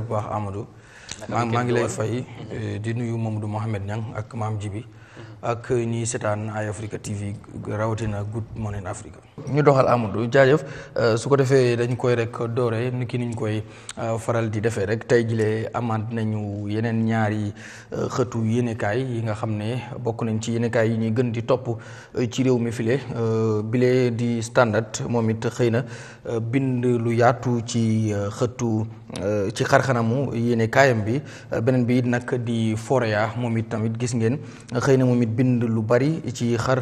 bu baax Amadou. maa ngi lay fay. Eh, di nuyu moom du Mohamed Niang ak maam Jibi mm-hmm. ak ñiy seetaan ay Africa TV rawatina Good Morning Africa. ñu doxal Amadou jaajëf euh, su ko defee dañ koy rek doore ni ki niñ koy euh, faral di defee rek tey jilee amaat nañu yeneen ñaari euh, xëtu yéenekaay yi nga xam ne bokk nañ ci yéenekaay yi ñuy gën di topp ci réew mi file bile di standard moom it xëy na bind lu yaatu ci xëtu ci xarxanamu yéenekaayam bi beneen bi it nag di Foroyaa moom it tamit gis ngeen xëy moom it bind lu bari ci xar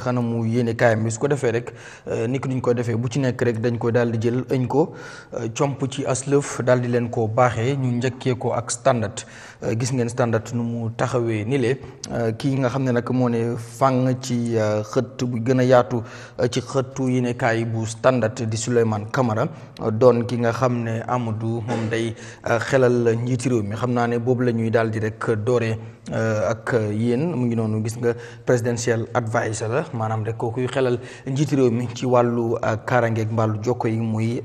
yéene kaayam bi su ko defee rek euh, ni ko duñ ko defee bu ci nekk rek dañ ko daal di jël ëñ ko euh, comp ci aslëf daal di leen ko baaxee ñu njëkkee ko ak standard Euh, gis ngeen standard nu mu taxawee ni le euh, kii nga xam ne nag moo ne fang ci euh, xët bu gën a yaatu ci xëttu yéenekaay bu standard di Souleymane Camara doon ki nga xam ne Amadou moom day xelal njiiti réew mi xam naa ne boobu la ñuy daal di rek doore ak yéen mu ngi noonu gis nga presidential adviser la maanaam rek kookuy xelal njiiti réew mi ci wàllu kaarangeeg mbaalu jokko yi muy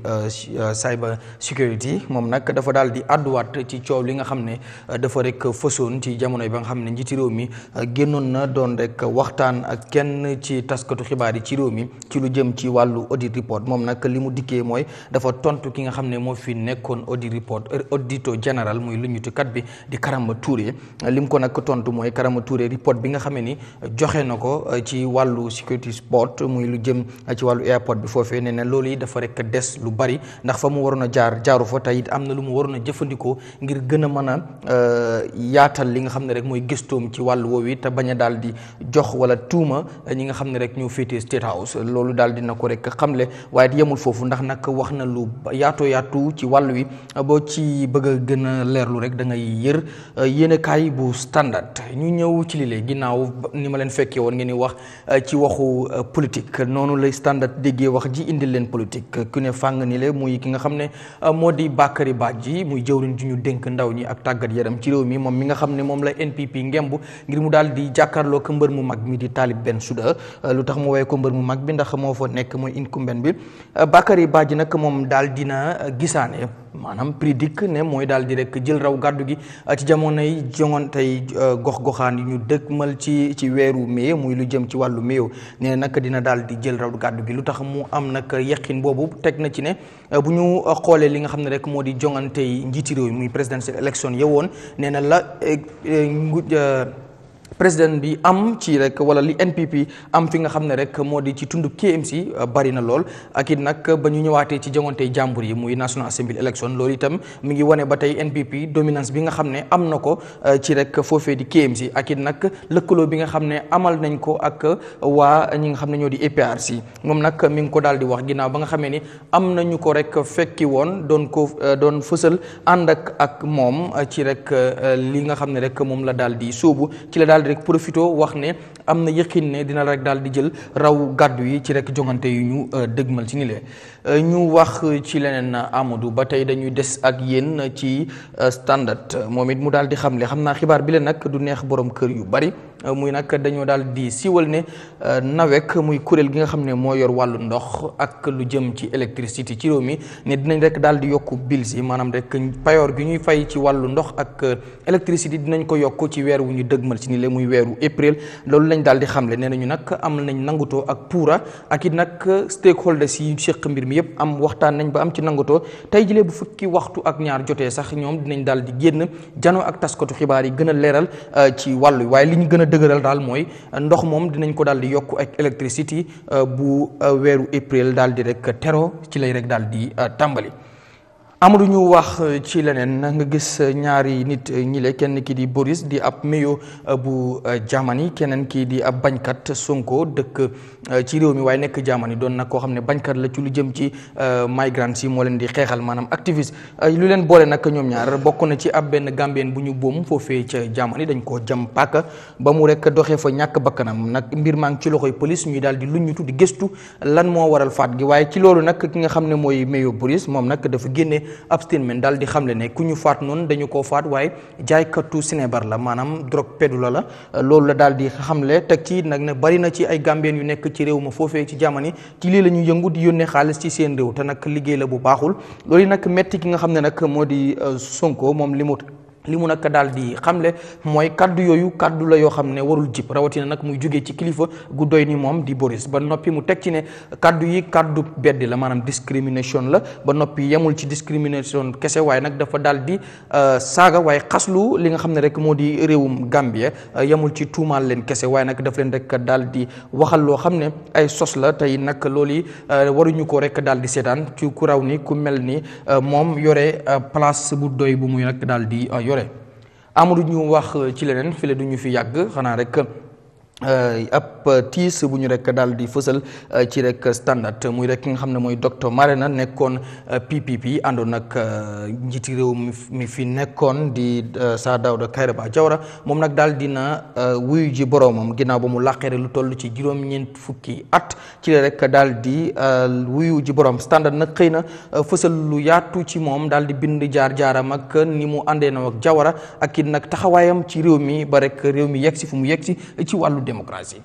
cyber security moom nag dafa daal di àdduwaat ci coow li nga xam ne dafa rek fësoon ci jamono yi ba nga xam ne njiiti réew mi euh, génnoon na doon rek waxtaan ak kenn ci taskatu xibaar yi ci réew mi ci lu jëm ci wàllu audit report moom nag li mu dikkee mooy dafa tontu ki nga xam ne moo fi nekkoon audit report euh, auditeur général muy lu ñu bi di Karama Touré li mu ko nag tontu mooy Karama Touré report bi nga xam ne ni joxe na ko euh, ci wàllu security sport muy lu jëm ci wàllu airport bi foofee nee na loolu yi dafa rek des lu bari ndax fa mu waroon a jaar jaaru fa tey am na lu mu waroon a jëfandikoo yaatal li nga xam ne rek mooy gëstoom ci wàll woowu it te bañ a daal di jox wala tuuma ñi nga xam ne rek ñoo féetee State House loolu daal na ko rek xamle waaye it yemul foofu ndax nag wax na lu yaatoo yaatu ci wàll wi boo ci bëgg a gën a leerlu rek da ngay yër euh, yéenekaay bu standard ñu ñëw ci lile ginnaaw ni ma leen fekkee woon ngeen di wax euh, ci waxu euh, politique noonu lay standard déggee wax ji indil leen politique ku ne fàng ni le muy ki nga xam ne moo di Bakary Badji muy jëwriñ ju dénk ndaw ñi ak tàggat yaram ciro mi mom mi nga xamne mom la npp ngembu ngir mu dal di jakarlo ko mbeur mu mag mi di talib ben souda eh, lutax mu way ko mbeur mu mag bi ndax mo fo nek moy incumbent bi eh, bakari badji nak mom dal dina eh, gisane maanaam prix dikk ne mooy daal di rekk jël raw gàddu gi ci jamonoy jongantey euh, gox-goxaan yi ñu dëkkmal ci ci weeru mai muy lu jëm ci wàllu méew ne nag dina daal di jël raw gàddu gi lu tax mu am nag yaqin boobu teg na ci ne euh, bu ñu euh, xoolee li nga xam ne rek moo di jongantey njiiti réew muy présidentielle élection yewoon nee na la président bi am ci rek wala li NPP am fi nga xam ne rek moo di ci tundub KMC euh, bari na lool ak it nag ba ñu ñëwaatee ci jongante jàmbur yi muy National Assembly election loolu itam mi ngi wane ba tey NPP dominance bi nga xam ne am na ko euh, ci rek foofee di KMC ak it nag lëkkaloo bi nga xam ne amal nañ ko ak euh, waa ñi nga xam ne ñoo di si moom nag mi ngi ko daal di wax ginnaaw ba nga xamee ni am nañu ko rek fekki woon doon ko doon fësal ànd ak ak moom ci rek li nga xam ne rek moom la daal di sóobu ci la daal di rek wax ne am na yëqin ne dina rek daal di jël raw gàddu yi ci rek jongante yu ñu euh, dëgmal ci ni lee euh, ñu wax ci leneen Amadou ba tey dañuy des ak yéen ci euh, standard moom it mu daal di xam le xam naa xibaar bi la nag du neex borom kër yu bari Euh, muy nag dañoo daal di siiwal ne euh, NAWEC muy kuréel gi nga xam ne moo yor wàllu ndox ak lu jëm ci électricité ci réew mi ne dinañ rekk daal di yokk bills yi maanaam rek payoor gi ñuy fay ci wàllu ndox ak euh, électricité dinañ ko yokk ci weer wu ñu dëgmal ci ni le muy weeru avril loolu lañ daal di xamle nee nañu nag am nañ nangutoo ak puura ak it nag stakeholders si séq mbir mi yëpp am waxtaan nañ ba am ci nangutoo tey jilee bu fukki waxtu ak ñaar jotee sax ñoom dinañ daal di génn janoo ak taskatu xibaar yi gën a leeral a dëgëral daal mooy ndox moom dinañ ko daal di yokk ak électricité euh, bu euh, weeru avril daal di rek tero ci lay rek daal di euh, tàmbali amadu ñu wax euh, ci leneen nga gis euh, ñaari nit euh, ñile kenn ki di Boris di ab meyo bu Germany keneen ki di ab bañkat Sonko dëkk ci réew mi waaye nekk Germany doon nag koo xam ne bañkat la ci lu jëm ci migrants yi moo leen di xeexal maanaam activiste lu leen boole nag ñoom ñaar bokk na ci ab benn Gambien bu ñu boom foofee ca Germany dañ koo jam paaka ba mu rek doxee fa ñàkk bakkanam nag mbir maa ngi ci loxoy police ñuy daal di luññutu di gëstu lan moo waral faat gi waaye ci loolu nag ki nga xam ne mooy meyo Boris moom nag dafa génne abstiment daal di xamle ne ku ñu faat noonu dañu koo faat waaye jaaykatu sinébar la maanaam drogue pédophile la loolu la daal di xamle teg ci nag ne bari na ci ay gambien yu nekk ci réew ma foofee ci jamono ci lii la ñu yëngu di yónnee xaalis ci seen réew te nag liggéey la bu baaxul loolu nag metti ki nga xam ne nag moo di euh, Sonko moom li mu li mu nag daal di xamle mooy kaddu yooyu kàddu la yoo xam ne warul jib rawatina nag muy jógee ci kilifa gu doy ni moom di Boris ba noppi mu teg ci ne kàddu yi kàddu beddi la maanaam discrimination la ba noppi yemul ci discrimination kese waaye nag dafa dal di euh, saaga waaye xaslu li nga xam ne rek moo di réewum Gambie euh, yemul ci tuumaal leen kese waaye nag daf leen rek daal di waxal loo xam ne ay sos la tey nag loolu yi euh, waruñu ko rek dal di seetaan ci ku raw ni ku mel ni moom yore place bu doy yore Amadou ñu wax ci leneen file du ñu fi yàgg xanaa rek Uh, ab uh, tiis bu ñu rek dal di fësal uh, ci rek standard muy rek nga xam ne mooy docteur marena nekkoon uh, ppp àndoon ak uh, uh njiiti réew mi fi nekkoon di uh, sa daw de kayra ba jawra moom nag dal dina uh, wuyu ji boroomam ginnaaw ba mu laqere lu toll ci juróom-ñeent fukki at ci la rek dal di uh, wuyu ji boroom standard nag xëy na uh, fësal lu yaatu ci moom dal di bind jaar-jaaram ak ni mu àndee na ak jawara ak it nag taxawaayam ci réew mi ba rek réew mi yegg si fu mu yegg si ci wàllu demokrasi.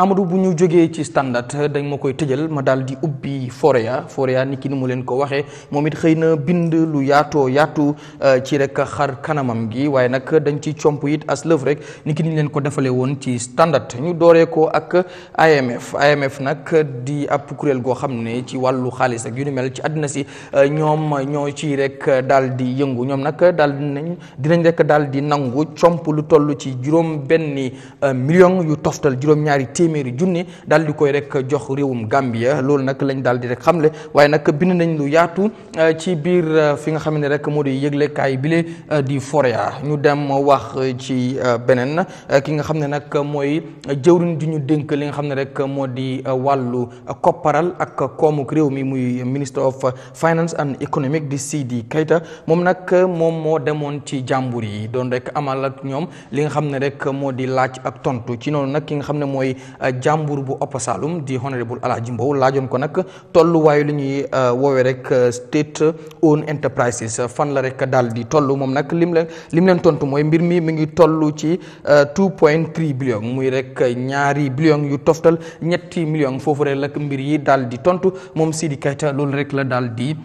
Amadou bu ñu jógee ci standard dañ ma koy tëjal ma daal di ubbi Foroyaa Foroyaa ni ki ni mu leen ko waxee moom it xëy na bind lu yaatoo yaatu euh, ci rek xar kanamam gi waaye nag dañ ci comp it as rek ni ki leen ko defalee woon ci standard ñu dooree ko ak IMF IMF nag di ab kuréel goo xam ne ci wàllu xaalis ak yu ni mel ci àddina si euh, ñoom ñoo ci rek daal di yëngu ñoom nag daal dinañ dinañ rek daal di nangu comp lu toll ci juróom benni euh, million yu toftal juróom-ñaari téeméer téeméeri junni daal di koy rek jox réewum Gambia loolu nag lañ daal di rek xamle waaye nag bind nañ lu yaatu euh, ci biir euh, fi nga xam ne rek moo di yëglekaay bile euh, di Foroyaa ñu dem wax ci beneen ki nga xam ne nag mooy jëwriñ ju ñu dénk li nga xam ne rek moo di wàllu kopparal ak koomuk réew mi muy ministre of finance and economic di Sidi Kayta moom nag moom moo demoon ci jàmbur yi doon rek amal ak ñoom li nga xam ne rek moo di laaj ak tontu ci noonu nag ki nga xam ne mooy jàmbur bu Upper Saloum di honorable Alhaji Mbow laajoon ko nag tolluwaayu lu ñuy euh, woowe rek euh, state owned enterprises fan la rek daal di toll moom nag lim leen lim leen tontu mooy mbir mi mu ngi toll ci 2.3 euh, billion muy rek ñaari billion yu toftal ñetti million foofu rek la mbir yi daal di tontu moom Sidi Kayta loolu rek la daal di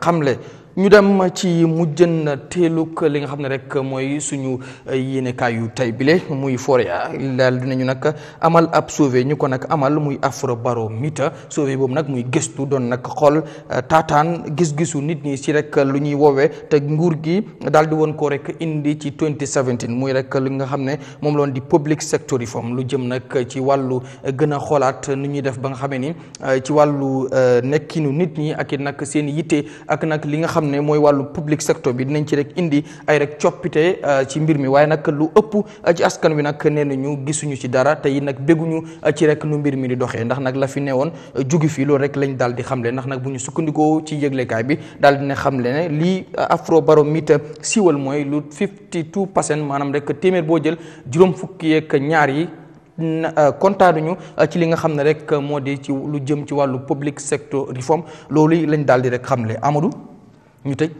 xamle. ñu dem ci mujjën teeluk li nga xam ne rek mooy suñu yéenekaay yu tey bile muy Foria daal dinañu nag amal ab sauvé ñu ko nag amal muy baro afrobaromètre sauvé boobu nag muy gëstu doon nag xool taataan gis-gisu nit ñi si rek lu ñuy woowe te nguur gi daal di woon ko rek indi ci 2017 muy rek li nga xam ne moom loon di public sector reform lu jëm nag ci wàllu gën a xoolaat nu ñuy def ba nga xamee ni ci wàllu eh, nekkinu nit ñi ak it seen yitte ak nag li nga xam xam ne mooy wàllu public secteur bi dinañ ci rek indi ay rek coppite euh, ci mbir mi waaye nag lu ëpp euh, ci askan wi nag nee nañu gisuñu ci dara tey nag bégguñu euh, ci rek nu mbir mi di doxee ndax nag la fi newoon jugi fi loolu rek lañ daal di xamle ndax nag bu ñu sukkandikoo ci yëglekaay bi daal dina xamle ne lii afrobaromètre siiwal mooy lu 52 pour cent maanaam rek téeméer boo jël juróom fukki yeeg ñaar yi. kontaanuñu ci li nga xam ne rek moo di ci lu jëm ci wàllu public sector reform loolu lañ daal di rek xamle Amadou. ñu tëj